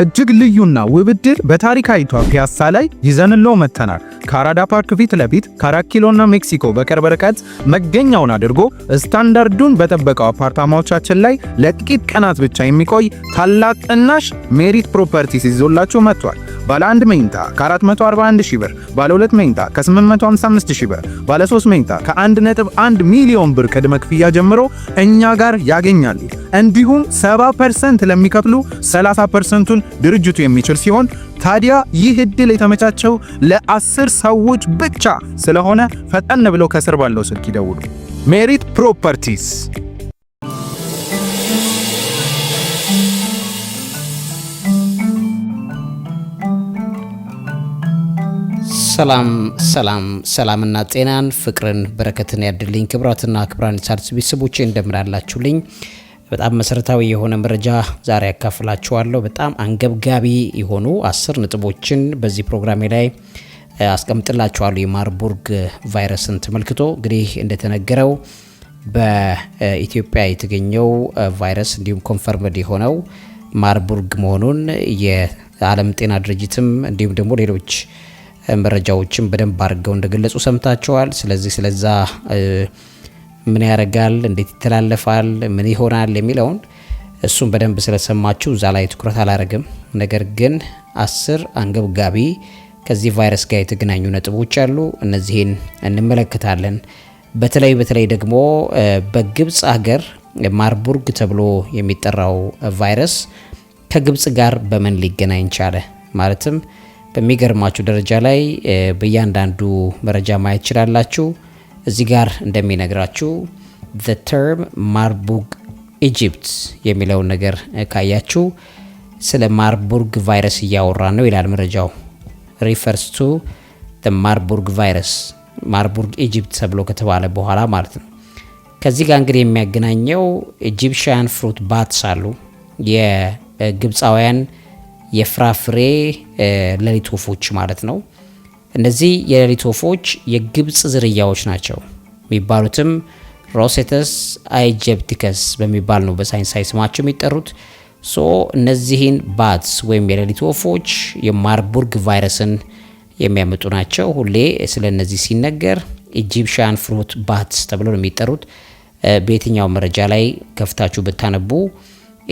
እጅግ ልዩና ውብ ዕድል በታሪካዊቷ ፒያሳ ላይ ይዘንለው መጥተናል። ከአራዳ ፓርክ ፊት ለፊት ከአራት ኪሎና ሜክሲኮ በቅርብ ርቀት መገኛውን አድርጎ ስታንዳርዱን በጠበቀው አፓርታማዎቻችን ላይ ለጥቂት ቀናት ብቻ የሚቆይ ታላቅ ጥናሽ ሜሪት ፕሮፐርቲስ ይዞላችሁ መጥቷል። ባለ 1 መኝታ ከ441 ሺህ ብር፣ ባለ 2 መኝታ ከ855 ብር፣ ባለ 3 መኝታ ከ1.1 ሚሊዮን ብር ቅድመ ክፍያ ጀምሮ እኛ ጋር ያገኛሉ። እንዲሁም 70% ለሚከፍሉ 30%ቱን ድርጅቱ የሚችል ሲሆን ታዲያ ይህ እድል የተመቻቸው ለአስር ሰዎች ብቻ ስለሆነ ፈጠን ብለው ከስር ባለው ስልክ ይደውሉ። ሜሪት ፕሮፐርቲስ ሰላም ሰላም ሰላምና ጤናን ፍቅርን በረከትን ያድልኝ። ክብራትና ክብራን ቻርስ ቤተሰቦቼ እንደምናላችሁልኝ በጣም መሰረታዊ የሆነ መረጃ ዛሬ ያካፍላችኋለሁ። በጣም አንገብጋቢ የሆኑ አስር ነጥቦችን በዚህ ፕሮግራሜ ላይ አስቀምጥላችኋለሁ። የማርቡርግ ቫይረስን ተመልክቶ እንግዲህ እንደተነገረው በኢትዮጵያ የተገኘው ቫይረስ እንዲሁም ኮንፈርምድ የሆነው ማርቡርግ መሆኑን የዓለም ጤና ድርጅትም እንዲሁም ደግሞ ሌሎች መረጃዎችም በደንብ አድርገው እንደገለጹ ሰምታችኋል። ስለዚህ ስለዛ ምን ያደርጋል፣ እንዴት ይተላለፋል፣ ምን ይሆናል የሚለውን እሱን በደንብ ስለሰማችሁ እዛ ላይ ትኩረት አላደርግም። ነገር ግን አስር አንገብጋቢ ከዚህ ቫይረስ ጋር የተገናኙ ነጥቦች አሉ። እነዚህን እንመለከታለን። በተለይ በተለይ ደግሞ በግብፅ ሀገር ማርቡርግ ተብሎ የሚጠራው ቫይረስ ከግብፅ ጋር በምን ሊገናኝ ቻለ? ማለትም በሚገርማችሁ ደረጃ ላይ በእያንዳንዱ መረጃ ማየት ችላላችሁ። እዚህ ጋር እንደሚነግራችሁ ዘ ተርም ማርቡርግ ኢጂፕት የሚለውን ነገር ካያችሁ ስለ ማርቡርግ ቫይረስ እያወራ ነው ይላል መረጃው። ሪፈርስ ቱ ማርቡርግ ቫይረስ ማርቡርግ ኢጂፕት ተብሎ ከተባለ በኋላ ማለት ነው። ከዚህ ጋር እንግዲህ የሚያገናኘው ኢጂፕሽያን ፍሩት ባትስ አሉ የግብፃውያን የፍራፍሬ ለሊት ወፎች ማለት ነው። እነዚህ የሌሊት ወፎች የግብፅ ዝርያዎች ናቸው። የሚባሉትም ሮሴተስ አይጀፕቲከስ በሚባል ነው በሳይንሳዊ ስማቸው የሚጠሩት። ሶ እነዚህን ባትስ ወይም የሌሊት ወፎች የማርቡርግ ቫይረስን የሚያመጡ ናቸው። ሁሌ ስለ እነዚህ ሲነገር ኢጂፕሽያን ፍሩት ባትስ ተብሎ ነው የሚጠሩት። በየትኛው መረጃ ላይ ከፍታችሁ ብታነቡ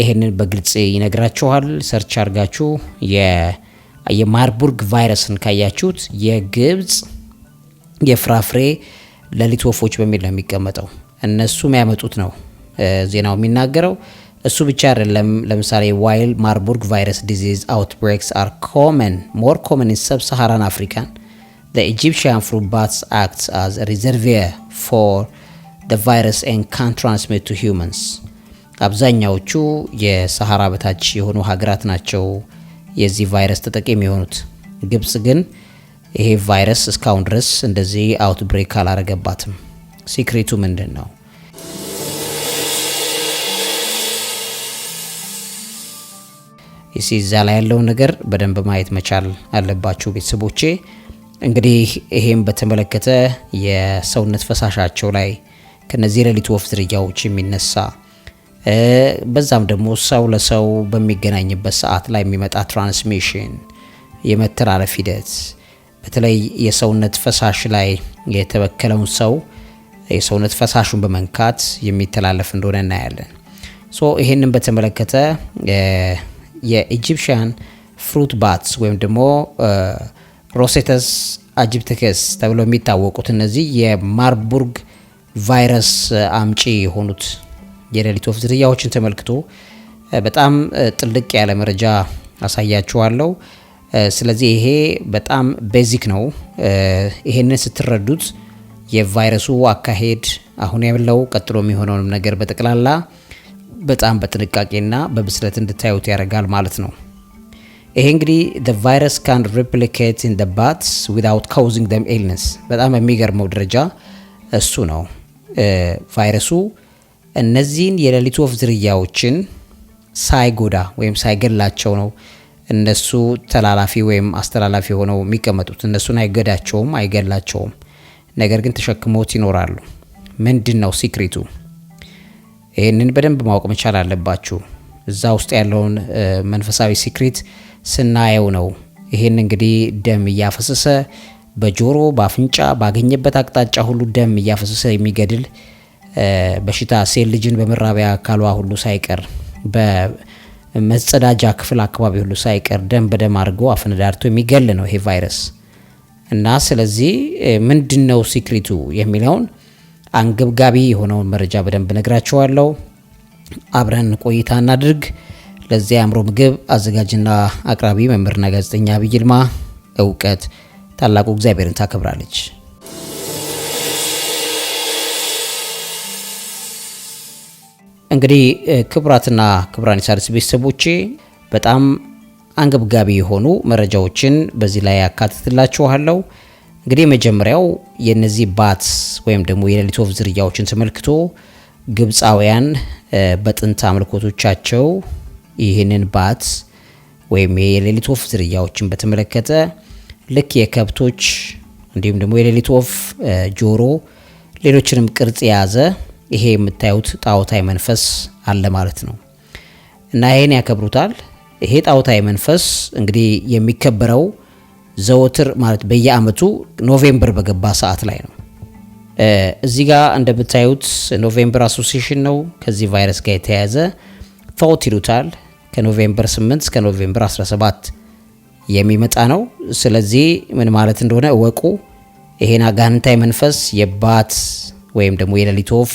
ይህንን በግልጽ ይነግራችኋል። ሰርች የ የማርቡርግ ቫይረስን ካያችሁት የግብፅ የፍራፍሬ ለሊት ወፎች በሚል ነው የሚቀመጠው። እነሱ የሚያመጡት ነው ዜናው የሚናገረው። እሱ ብቻ አይደለም። ለምሳሌ ዋይል ማርቡርግ ቫይረስ ዲዚዝ አውትብሬክስ አር ኮመን ሞር ኮመን ኢን ሰብ ሰሃራን አፍሪካን ኢጂፕሽያን ፍሩት ባትስ አክት አዝ ሪዘርቪየ ፎር ቫይረስ ኤን ካን ትራንስሚት ቱ ሂውመንስ አብዛኛዎቹ የሰሃራ በታች የሆኑ ሀገራት ናቸው የዚህ ቫይረስ ተጠቂ የሚሆኑት። ግብጽ ግን ይሄ ቫይረስ እስካሁን ድረስ እንደዚህ አውትብሬክ አላረገባትም። ሲክሬቱ ምንድን ነው? እዛ ላይ ያለው ነገር በደንብ ማየት መቻል አለባችሁ ቤተሰቦቼ። እንግዲህ ይሄም በተመለከተ የሰውነት ፈሳሻቸው ላይ ከነዚህ ሌሊት ወፍ ዝርያዎች የሚነሳ በዛም ደግሞ ሰው ለሰው በሚገናኝበት ሰዓት ላይ የሚመጣ ትራንስሚሽን የመተላለፍ ሂደት በተለይ የሰውነት ፈሳሽ ላይ የተበከለውን ሰው የሰውነት ፈሳሹን በመንካት የሚተላለፍ እንደሆነ እናያለን። ሶ ይህንን በተመለከተ የኢጂፕሽያን ፍሩት ባትስ ወይም ደግሞ ሮሴተስ አጂፕቲከስ ተብለው የሚታወቁት እነዚህ የማርቡርግ ቫይረስ አምጪ የሆኑት የሌሊት ወፍ ዝርያዎችን ተመልክቶ በጣም ጥልቅ ያለ መረጃ አሳያችኋለሁ። ስለዚህ ይሄ በጣም ቤዚክ ነው። ይሄንን ስትረዱት የቫይረሱ አካሄድ አሁን ያለው ቀጥሎ የሚሆነውንም ነገር በጠቅላላ በጣም በጥንቃቄና በብስለት እንድታዩት ያደርጋል ማለት ነው። ይሄ እንግዲህ the virus can replicate in the bats without causing them illness በጣም የሚገርመው ደረጃ እሱ ነው ቫይረሱ እነዚህን የሌሊት ወፍ ዝርያዎችን ሳይጎዳ ወይም ሳይገላቸው ነው እነሱ ተላላፊ ወይም አስተላላፊ ሆነው የሚቀመጡት። እነሱን አይገዳቸውም፣ አይገላቸውም። ነገር ግን ተሸክሞት ይኖራሉ። ምንድን ነው ሲክሪቱ? ይህንን በደንብ ማወቅ መቻል አለባችሁ። እዛ ውስጥ ያለውን መንፈሳዊ ሲክሪት ስናየው ነው። ይህን እንግዲህ ደም እያፈሰሰ በጆሮ፣ በአፍንጫ ባገኘበት አቅጣጫ ሁሉ ደም እያፈሰሰ የሚገድል በሽታ ሴት ልጅን በመራቢያ አካሏ ሁሉ ሳይቀር በመጸዳጃ ክፍል አካባቢ ሁሉ ሳይቀር ደም በደም አድርጎ አፈነዳርቶ የሚገል ነው ይሄ ቫይረስ እና ስለዚህ ምንድን ነው ሲክሪቱ የሚለውን አንገብጋቢ የሆነውን መረጃ በደንብ ነግራችኋለሁ። አብረን ቆይታ እናድርግ። ለዚህ አእምሮ ምግብ አዘጋጅና አቅራቢ መምህርና ጋዜጠኛ ዐቢይ ይልማ። እውቀት ታላቁ እግዚአብሔርን ታከብራለች። እንግዲህ ክቡራትና ክቡራን የሣድስ ቤተሰቦቼ በጣም አንገብጋቢ የሆኑ መረጃዎችን በዚህ ላይ ያካትትላችኋለሁ። እንግዲህ የመጀመሪያው የነዚህ ባት ወይም ደግሞ የሌሊት ወፍ ዝርያዎችን ተመልክቶ ግብፃውያን በጥንት አምልኮቶቻቸው ይህንን ባት ወይም የሌሊት ወፍ ዝርያዎችን በተመለከተ ልክ የከብቶች እንዲሁም ደግሞ የሌሊት ወፍ ጆሮ፣ ሌሎችንም ቅርጽ የያዘ ይሄ የምታዩት ጣዖታዊ መንፈስ አለ ማለት ነው እና ይሄን ያከብሩታል። ይሄ ጣዖታዊ መንፈስ እንግዲህ የሚከበረው ዘወትር ማለት በየአመቱ ኖቬምበር በገባ ሰዓት ላይ ነው። እዚህ ጋር እንደምታዩት ኖቬምበር አሶሲሽን ነው ከዚህ ቫይረስ ጋር የተያያዘ ፎት ይሉታል። ከኖቬምበር 8 እስከ ኖቬምበር 17 የሚመጣ ነው። ስለዚህ ምን ማለት እንደሆነ እወቁ። ይሄን አጋንንታዊ መንፈስ የባት ወይም ደግሞ የሌሊት ወፍ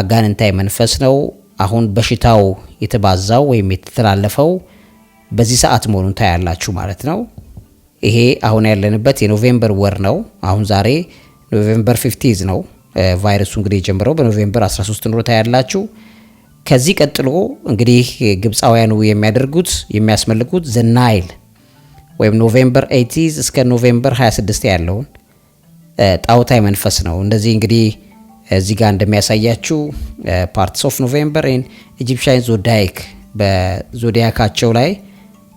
አጋንንታይ መንፈስ ነው። አሁን በሽታው የተባዛው ወይም የተተላለፈው በዚህ ሰዓት መሆኑን ታያላችሁ ማለት ነው። ይሄ አሁን ያለንበት የኖቬምበር ወር ነው። አሁን ዛሬ ኖቬምበር 15 ነው። ቫይረሱ እንግዲህ የጀመረው በኖቬምበር 13 ኑሮ ታያላችሁ። ከዚህ ቀጥሎ እንግዲህ ግብፃውያኑ የሚያደርጉት የሚያስመልኩት ዘናይል ወይም ኖቬምበር 8 እስከ ኖቬምበር 26 ያለውን ጣውታይ መንፈስ ነው። እንደዚህ እንግዲህ እዚህ ጋር እንደሚያሳያችው ፓርትስ ኦፍ ኖቬምበር ን ኢጂፕሽያን ዞዳይክ በዞዲያካቸው ላይ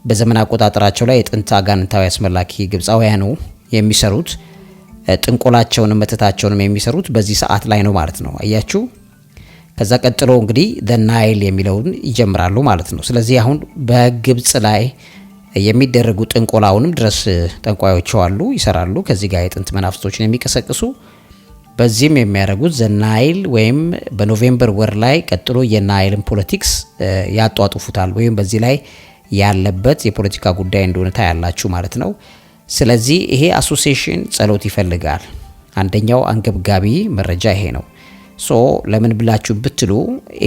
በዘመን አቆጣጠራቸው ላይ የጥንት አጋንንታዊ አስመላኪ ግብፃውያኑ የሚሰሩት ጥንቆላቸውን መተታቸውንም የሚሰሩት በዚህ ሰዓት ላይ ነው ማለት ነው። አያችሁ። ከዛ ቀጥሎ እንግዲህ ዘ ናይል የሚለውን ይጀምራሉ ማለት ነው። ስለዚህ አሁን በግብፅ ላይ የሚደረጉ ጥንቆላውንም ድረስ ጠንቋዮቹ አሉ፣ ይሰራሉ። ከዚህ ጋር የጥንት መናፍስቶችን የሚቀሰቅሱ በዚህም የሚያደርጉት ዘናይል ወይም በኖቬምበር ወር ላይ ቀጥሎ የናይልን ፖለቲክስ ያጧጡፉታል ወይም በዚህ ላይ ያለበት የፖለቲካ ጉዳይ እንደሆነ ታያላችሁ ማለት ነው። ስለዚህ ይሄ አሶሲሽን ጸሎት ይፈልጋል። አንደኛው አንገብጋቢ መረጃ ይሄ ነው። ሶ ለምን ብላችሁ ብትሉ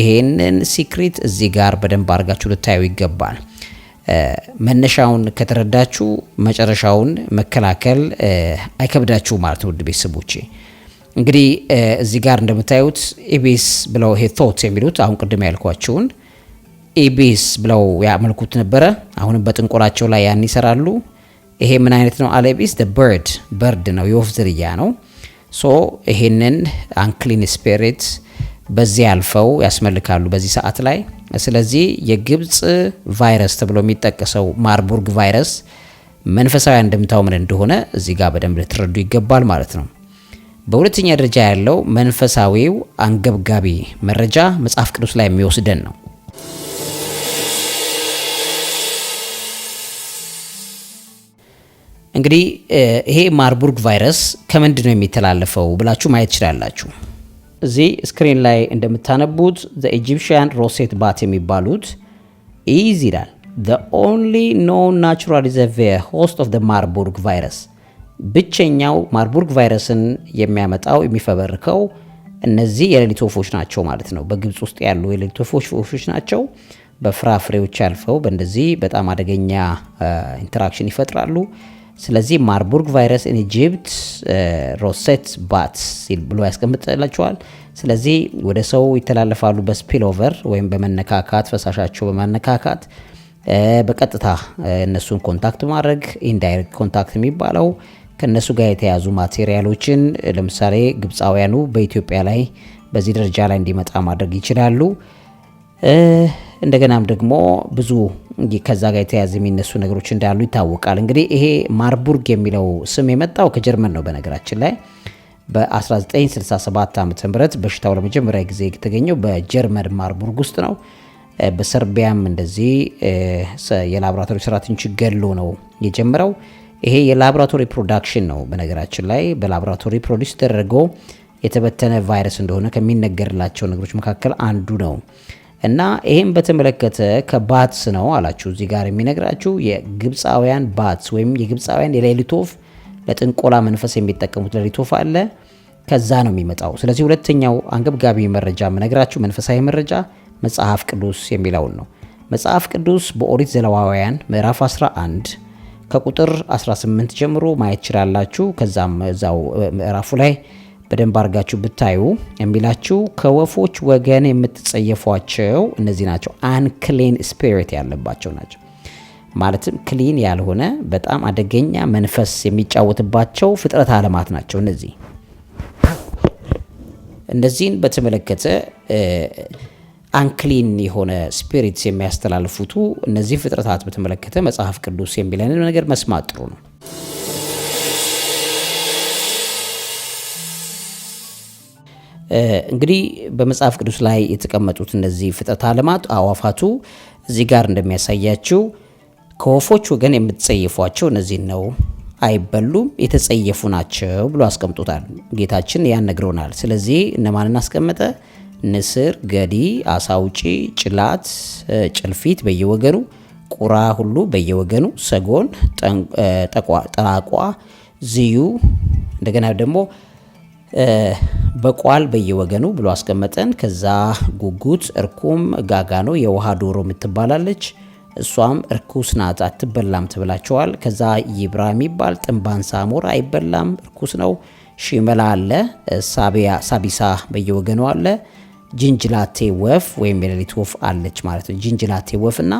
ይሄንን ሲክሪት እዚህ ጋር በደንብ አድርጋችሁ ልታዩ ይገባል። መነሻውን ከተረዳችሁ መጨረሻውን መከላከል አይከብዳችሁ ማለት ነው ውድ ቤተሰቦቼ። እንግዲህ እዚህ ጋር እንደምታዩት ኢቢኤስ ብለው ይሄ ቶት የሚሉት አሁን ቅድም ያልኳችሁን ኢቢኤስ ብለው ያመልኩት ነበረ። አሁንም በጥንቁራቸው ላይ ያን ይሰራሉ። ይሄ ምን አይነት ነው አለቢስ ኢቢኤስ በርድ በርድ ነው የወፍ ዝርያ ነው። ሶ ይሄንን አንክሊን ስፒሪት በዚህ አልፈው ያስመልካሉ በዚህ ሰዓት ላይ። ስለዚህ የግብፅ ቫይረስ ተብሎ የሚጠቀሰው ማርቡርግ ቫይረስ መንፈሳዊ አንድምታው ምን እንደሆነ እዚህ ጋር በደንብ ልትረዱ ይገባል ማለት ነው። በሁለተኛ ደረጃ ያለው መንፈሳዊው አንገብጋቢ መረጃ መጽሐፍ ቅዱስ ላይ የሚወስደን ነው። እንግዲህ ይሄ ማርቡርግ ቫይረስ ከምንድን ነው የሚተላለፈው ብላችሁ ማየት ትችላላችሁ። እዚህ ስክሪን ላይ እንደምታነቡት ዘ ኢጂፕሽያን ሮሴት ባት የሚባሉት ኢዝ ይላል ኦንሊ ኖን ናቹራል ሆስት ኦፍ ማርቡርግ ቫይረስ ብቸኛው ማርቡርግ ቫይረስን የሚያመጣው የሚፈበርከው እነዚህ የሌሊት ወፎች ናቸው ማለት ነው። በግብፅ ውስጥ ያሉ የሌሊት ወፎች ናቸው። በፍራፍሬዎች አልፈው በእንደዚህ በጣም አደገኛ ኢንተራክሽን ይፈጥራሉ። ስለዚህ ማርቡርግ ቫይረስ ኢን ኢጂፕት ሮሴት ባትስ ብሎ ያስቀምጥላቸዋል። ስለዚህ ወደ ሰው ይተላለፋሉ በስፒልኦቨር ወይም በመነካካት ፈሳሻቸው በመነካካት በቀጥታ እነሱን ኮንታክት ማድረግ ኢንዳይሬክት ኮንታክት የሚባለው ከእነሱ ጋር የተያዙ ማቴሪያሎችን ለምሳሌ ግብፃውያኑ በኢትዮጵያ ላይ በዚህ ደረጃ ላይ እንዲመጣ ማድረግ ይችላሉ። እንደገናም ደግሞ ብዙ ከዛ ጋር የተያዘ የሚነሱ ነገሮች እንዳሉ ይታወቃል። እንግዲህ ይሄ ማርቡርግ የሚለው ስም የመጣው ከጀርመን ነው። በነገራችን ላይ በ1967 ዓ ም በሽታው ለመጀመሪያ ጊዜ የተገኘው በጀርመን ማርቡርግ ውስጥ ነው። በሰርቢያም እንደዚህ የላቦራቶሪ ሰራተኞች ገሎ ነው የጀመረው። ይሄ የላቦራቶሪ ፕሮዳክሽን ነው። በነገራችን ላይ በላቦራቶሪ ፕሮዲስ ተደርጎ የተበተነ ቫይረስ እንደሆነ ከሚነገርላቸው ነገሮች መካከል አንዱ ነው እና ይህም በተመለከተ ከባትስ ነው አላችሁ እዚህ ጋር የሚነግራችሁ የግብፃውያን ባትስ ወይም የግብፃውያን የሌሊት ወፍ ለጥንቆላ መንፈስ የሚጠቀሙት ሌሊት ወፍ አለ። ከዛ ነው የሚመጣው። ስለዚህ ሁለተኛው አንገብጋቢ መረጃ የምነግራችሁ መንፈሳዊ መረጃ መጽሐፍ ቅዱስ የሚለውን ነው። መጽሐፍ ቅዱስ በኦሪት ዘሌዋውያን ምዕራፍ 11 ከቁጥር 18 ጀምሮ ማየት ችላላችሁ። ከዛም እዛው ምዕራፉ ላይ በደንብ አድርጋችሁ ብታዩ የሚላችሁ ከወፎች ወገን የምትጸየፏቸው እነዚህ ናቸው። አንክሊን ስፒሪት ያለባቸው ናቸው። ማለትም ክሊን ያልሆነ በጣም አደገኛ መንፈስ የሚጫወትባቸው ፍጥረት አለማት ናቸው። እነዚህ እነዚህን በተመለከተ አንክሊን የሆነ ስፒሪትስ የሚያስተላልፉቱ እነዚህ ፍጥረታት በተመለከተ መጽሐፍ ቅዱስ የሚለን ነገር መስማት ጥሩ ነው። እንግዲህ በመጽሐፍ ቅዱስ ላይ የተቀመጡት እነዚህ ፍጥረት አለማት አዋፋቱ እዚህ ጋር እንደሚያሳያችው ከወፎች ወገን የምትጸየፏቸው እነዚህን ነው። አይበሉም፣ የተጸየፉ ናቸው ብሎ አስቀምጦታል። ጌታችን ያን ነግሮናል። ስለዚህ እነማንን አስቀመጠ? ንስር፣ ገዲ፣ አሳውጪ፣ ጭላት፣ ጭልፊት በየወገኑ ቁራ ሁሉ በየወገኑ ሰጎን፣ ጠቋ፣ ዝዩ እንደገና ደግሞ በቋል በየወገኑ ብሎ አስቀመጠን። ከዛ ጉጉት፣ እርኩም፣ ጋጋኖ የውሃ ዶሮ የምትባላለች እሷም እርኩስ ናት፣ አትበላም ትብላቸዋል። ከዛ ይብራ የሚባል ጥንባን ሳሞር አይበላም፣ እርኩስ ነው። ሽመላ አለ፣ ሳቢሳ በየወገኑ አለ። ጅንጅላቴ ወፍ ወይም የሌሊት ወፍ አለች ማለት ነው። ጅንጅላቴ ወፍ እና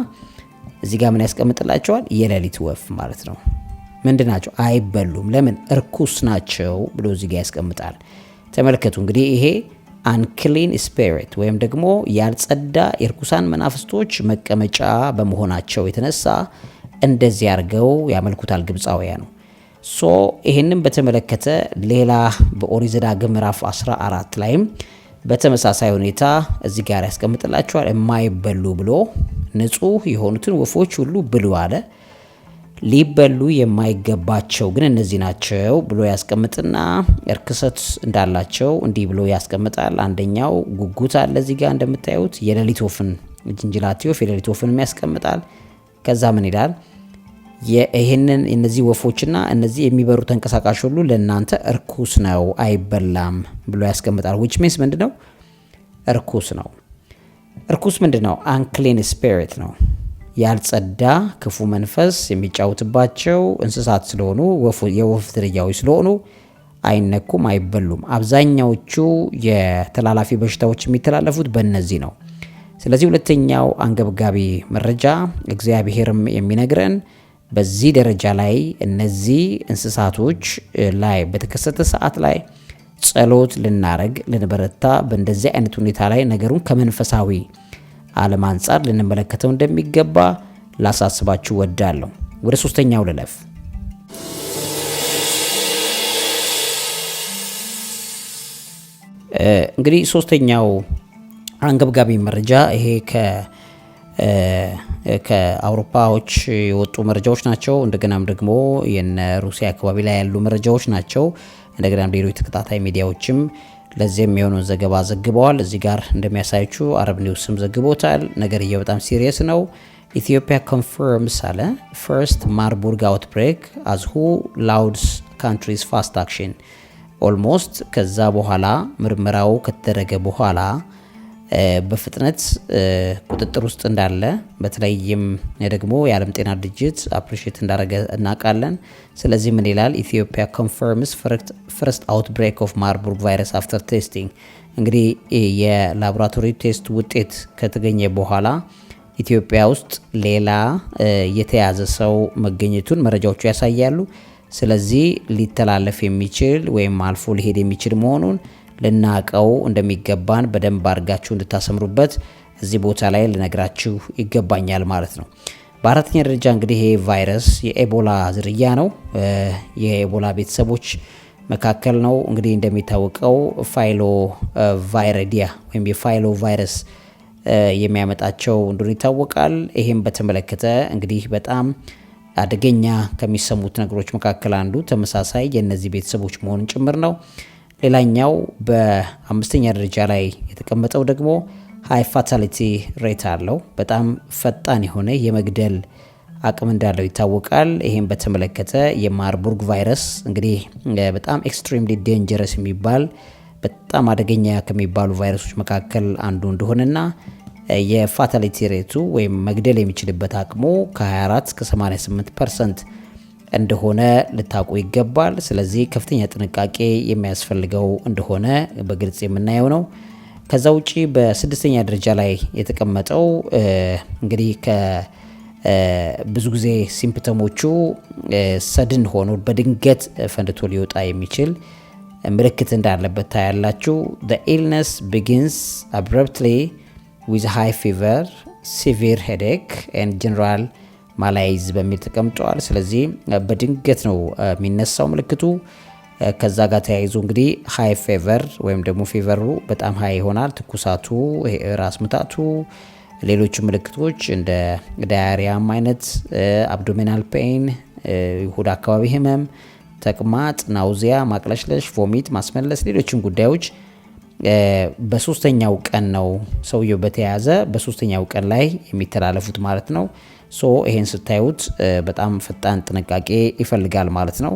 እዚህ ጋር ምን ያስቀምጥላቸዋል? የሌሊት ወፍ ማለት ነው። ምንድን ናቸው? አይበሉም። ለምን? እርኩስ ናቸው ብሎ እዚህ ጋር ያስቀምጣል። ተመልከቱ እንግዲህ ይሄ አንክሊን ስፒሪት ወይም ደግሞ ያልጸዳ የርኩሳን መናፍስቶች መቀመጫ በመሆናቸው የተነሳ እንደዚህ አድርገው ያመልኩታል ግብፃውያኑ። ሶ ይህንም በተመለከተ ሌላ በኦሪት ዘዳግም ምዕራፍ 14 ላይም በተመሳሳይ ሁኔታ እዚህ ጋር ያስቀምጥላቸዋል የማይበሉ ብሎ ንጹህ የሆኑትን ወፎች ሁሉ ብሉ አለ። ሊበሉ የማይገባቸው ግን እነዚህ ናቸው ብሎ ያስቀምጥና እርክሰት እንዳላቸው እንዲህ ብሎ ያስቀምጣል። አንደኛው ጉጉት አለ እዚህ ጋር እንደምታዩት የሌሊት ወፍን ጅንጅላት ወፍ የሌሊት ወፍንም ያስቀምጣል። ከዛ ምን ይላል? ይህንን እነዚህ ወፎችና እነዚህ የሚበሩ ተንቀሳቃሽ ሁሉ ለእናንተ እርኩስ ነው አይበላም ብሎ ያስቀምጣል። ዊች ሚንስ ምንድ ነው? እርኩስ ነው። እርኩስ ምንድ ነው? አንክሊን ስፒሪት ነው። ያልጸዳ ክፉ መንፈስ የሚጫወትባቸው እንስሳት ስለሆኑ የወፍ ዝርያዎች ስለሆኑ አይነኩም፣ አይበሉም። አብዛኛዎቹ የተላላፊ በሽታዎች የሚተላለፉት በእነዚህ ነው። ስለዚህ ሁለተኛው አንገብጋቢ መረጃ እግዚአብሔርም የሚነግረን በዚህ ደረጃ ላይ እነዚህ እንስሳቶች ላይ በተከሰተ ሰዓት ላይ ጸሎት ልናረግ ልንበረታ፣ በእንደዚህ አይነት ሁኔታ ላይ ነገሩን ከመንፈሳዊ ዓለም አንጻር ልንመለከተው እንደሚገባ ላሳስባችሁ ወዳለሁ። ወደ ሶስተኛው ልለፍ። እንግዲህ ሶስተኛው አንገብጋቢ መረጃ ይሄ ከአውሮፓዎች የወጡ መረጃዎች ናቸው። እንደገናም ደግሞ የነ ሩሲያ አካባቢ ላይ ያሉ መረጃዎች ናቸው። እንደገናም ሌሎች ተከታታይ ሚዲያዎችም ለዚህ የሚሆነውን ዘገባ ዘግበዋል። እዚህ ጋር እንደሚያሳያችሁ አረብ ኒውስም ዘግቦታል። ነገርየው በጣም ሲሪየስ ነው። ኢትዮጵያ ኮንፈርምስ አለ ፈርስት ማርቡርግ አውትብሬክ አዝሁ ላውድስ ካንትሪስ ፋስት አክሽን ኦልሞስት ከዛ በኋላ ምርመራው ከተደረገ በኋላ በፍጥነት ቁጥጥር ውስጥ እንዳለ በተለይም ደግሞ የዓለም ጤና ድርጅት አፕሪሼት እንዳደረገ እናውቃለን። ስለዚህ ምን ይላል? ኢትዮጵያ ኮንፈርምስ ፈርስት አውትብሬክ ኦፍ ማርቡርግ ቫይረስ አፍተር ቴስቲንግ። እንግዲህ የላቦራቶሪ ቴስት ውጤት ከተገኘ በኋላ ኢትዮጵያ ውስጥ ሌላ የተያዘ ሰው መገኘቱን መረጃዎቹ ያሳያሉ። ስለዚህ ሊተላለፍ የሚችል ወይም አልፎ ሊሄድ የሚችል መሆኑን ልናቀው እንደሚገባን በደንብ አድርጋችሁ እንድታሰምሩበት እዚህ ቦታ ላይ ልነግራችሁ ይገባኛል ማለት ነው። በአራተኛ ደረጃ እንግዲህ ይሄ ቫይረስ የኤቦላ ዝርያ ነው። የኤቦላ ቤተሰቦች መካከል ነው። እንግዲህ እንደሚታወቀው ፋይሎ ቫይረዲያ ወይም የፋይሎ ቫይረስ የሚያመጣቸው እንደሆነ ይታወቃል። ይሄም በተመለከተ እንግዲህ በጣም አደገኛ ከሚሰሙት ነገሮች መካከል አንዱ ተመሳሳይ የእነዚህ ቤተሰቦች መሆኑን ጭምር ነው። ሌላኛው በአምስተኛ ደረጃ ላይ የተቀመጠው ደግሞ ሃይ ፋታሊቲ ሬት አለው። በጣም ፈጣን የሆነ የመግደል አቅም እንዳለው ይታወቃል። ይህም በተመለከተ የማርቡርግ ቫይረስ እንግዲህ በጣም ኤክስትሪምሊ ዴንጀረስ የሚባል በጣም አደገኛ ከሚባሉ ቫይረሶች መካከል አንዱ እንደሆነና የፋታሊቲ ሬቱ ወይም መግደል የሚችልበት አቅሙ ከ24 እስከ 88 ፐርሰንት እንደሆነ ልታውቁ ይገባል። ስለዚህ ከፍተኛ ጥንቃቄ የሚያስፈልገው እንደሆነ በግልጽ የምናየው ነው። ከዛ ውጪ በስድስተኛ ደረጃ ላይ የተቀመጠው እንግዲህ ከብዙ ጊዜ ሲምፕተሞቹ ሰድን ሆኖ በድንገት ፈንድቶ ሊወጣ የሚችል ምልክት እንዳለበት ታያላችሁ። ኢልነስ ቢጊንስ አብረፕትሊ ዊዝ ሃይ ፊቨር ሲቪር ሄዴክ ኤንድ ጀነራል ማላይዝ በሚል ተቀምጠዋል። ስለዚህ በድንገት ነው የሚነሳው ምልክቱ። ከዛ ጋር ተያይዞ እንግዲህ ሀይ ፌቨር ወይም ደግሞ ፌቨሩ በጣም ሀይ ይሆናል። ትኩሳቱ፣ ራስ ምታቱ፣ ሌሎቹ ምልክቶች እንደ ዳያሪያም አይነት አብዶሚናል ፔን፣ ይሁድ አካባቢ ህመም፣ ተቅማጥ፣ ናውዚያ፣ ማቅለሽለሽ፣ ቮሚት፣ ማስመለስ፣ ሌሎችም ጉዳዮች በሶስተኛው ቀን ነው ሰውየው በተያያዘ በሶስተኛው ቀን ላይ የሚተላለፉት ማለት ነው። ሶ ይሄን ስታዩት በጣም ፈጣን ጥንቃቄ ይፈልጋል ማለት ነው።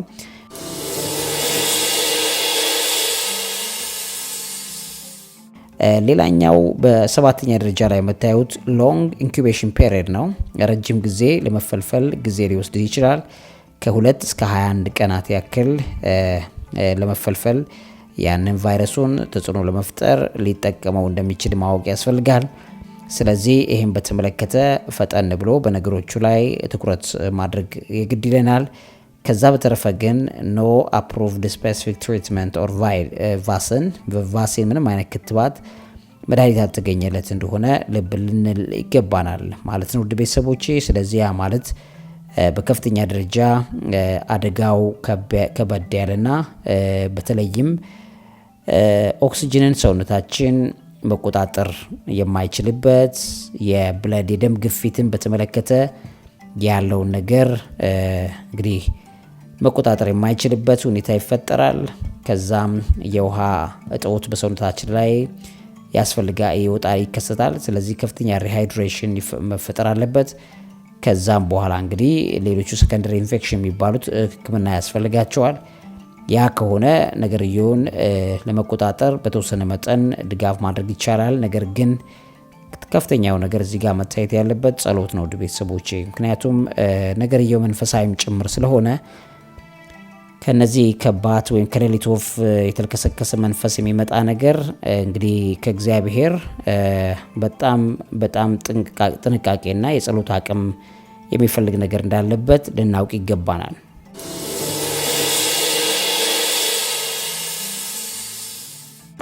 ሌላኛው በሰባተኛ ደረጃ ላይ የምታዩት ሎንግ ኢንኩቤሽን ፔሪድ ነው። ረጅም ጊዜ ለመፈልፈል ጊዜ ሊወስድ ይችላል። ከሁለት እስከ 21 ቀናት ያክል ለመፈልፈል ያንን ቫይረሱን ተጽዕኖ ለመፍጠር ሊጠቀመው እንደሚችል ማወቅ ያስፈልጋል። ስለዚህ ይህም በተመለከተ ፈጠን ብሎ በነገሮቹ ላይ ትኩረት ማድረግ የግድ ይለናል። ከዛ በተረፈ ግን ኖ አፕሮቭድ ስፔሲፊክ ትሪትመንት ኦር ቫሲን በቫሲን ምንም አይነት ክትባት መድኃኒት ያልተገኘለት እንደሆነ ልብ ልንል ይገባናል ማለት ነው ውድ ቤተሰቦቼ። ስለዚህ ያ ማለት በከፍተኛ ደረጃ አደጋው ከበድ ያለና በተለይም ኦክሲጅንን ሰውነታችን መቆጣጠር የማይችልበት የብለድ የደም ግፊትን በተመለከተ ያለውን ነገር እንግዲህ መቆጣጠር የማይችልበት ሁኔታ ይፈጠራል። ከዛም የውሃ እጦት በሰውነታችን ላይ ያስፈልጋ ይወጣ ይከሰታል። ስለዚህ ከፍተኛ ሪሃይድሬሽን መፈጠር አለበት። ከዛም በኋላ እንግዲህ ሌሎቹ ሰከንደሪ ኢንፌክሽን የሚባሉት ሕክምና ያስፈልጋቸዋል። ያ ከሆነ ነገርየውን ለመቆጣጠር በተወሰነ መጠን ድጋፍ ማድረግ ይቻላል። ነገር ግን ከፍተኛው ነገር እዚህ ጋር መታየት ያለበት ጸሎት ነው፣ ውድ ቤተሰቦቼ። ምክንያቱም ነገርየው መንፈሳዊም ጭምር ስለሆነ ከነዚህ ከባት ወይም ከሌሊት ወፍ የተልከሰከሰ መንፈስ የሚመጣ ነገር እንግዲህ ከእግዚአብሔር በጣም በጣም ጥንቃቄና የጸሎት አቅም የሚፈልግ ነገር እንዳለበት ልናውቅ ይገባናል።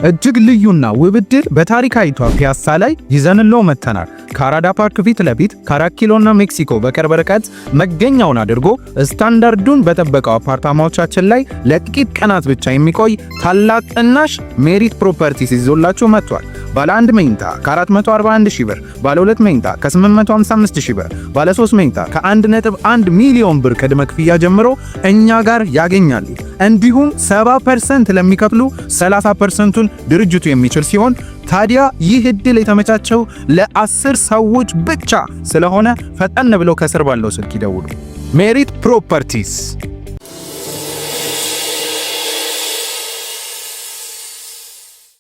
እጅግ ልዩና ውብ ዕድል በታሪካዊቷ ፒያሳ ላይ ይዘንለው መጥተናል። ከአራዳ ፓርክ ፊት ለፊት ከአራት ኪሎና ሜክሲኮ በቅርብ ርቀት መገኛውን አድርጎ ስታንዳርዱን በጠበቀው አፓርታማዎቻችን ላይ ለጥቂት ቀናት ብቻ የሚቆይ ታላቅ ጥናሽ ሜሪት ፕሮፐርቲስ ይዞላችሁ መጥቷል። ባለ 1 መኝታ ከ441 ሺህ ብር፣ ባለ 2 መኝታ ከ855 ሺህ ብር፣ ባለ 3 መኝታ ከ1.1 ሚሊዮን ብር ከቅድመ ክፍያ ጀምሮ እኛ ጋር ያገኛሉ። እንዲሁም 70% ለሚከፍሉ 30%ቱን ድርጅቱ የሚችል ሲሆን ታዲያ ይህ እድል የተመቻቸው ለአስር ሰዎች ብቻ ስለሆነ ፈጠን ብለው ከስር ባለው ስልክ ይደውሉ። ሜሪት ፕሮፐርቲስ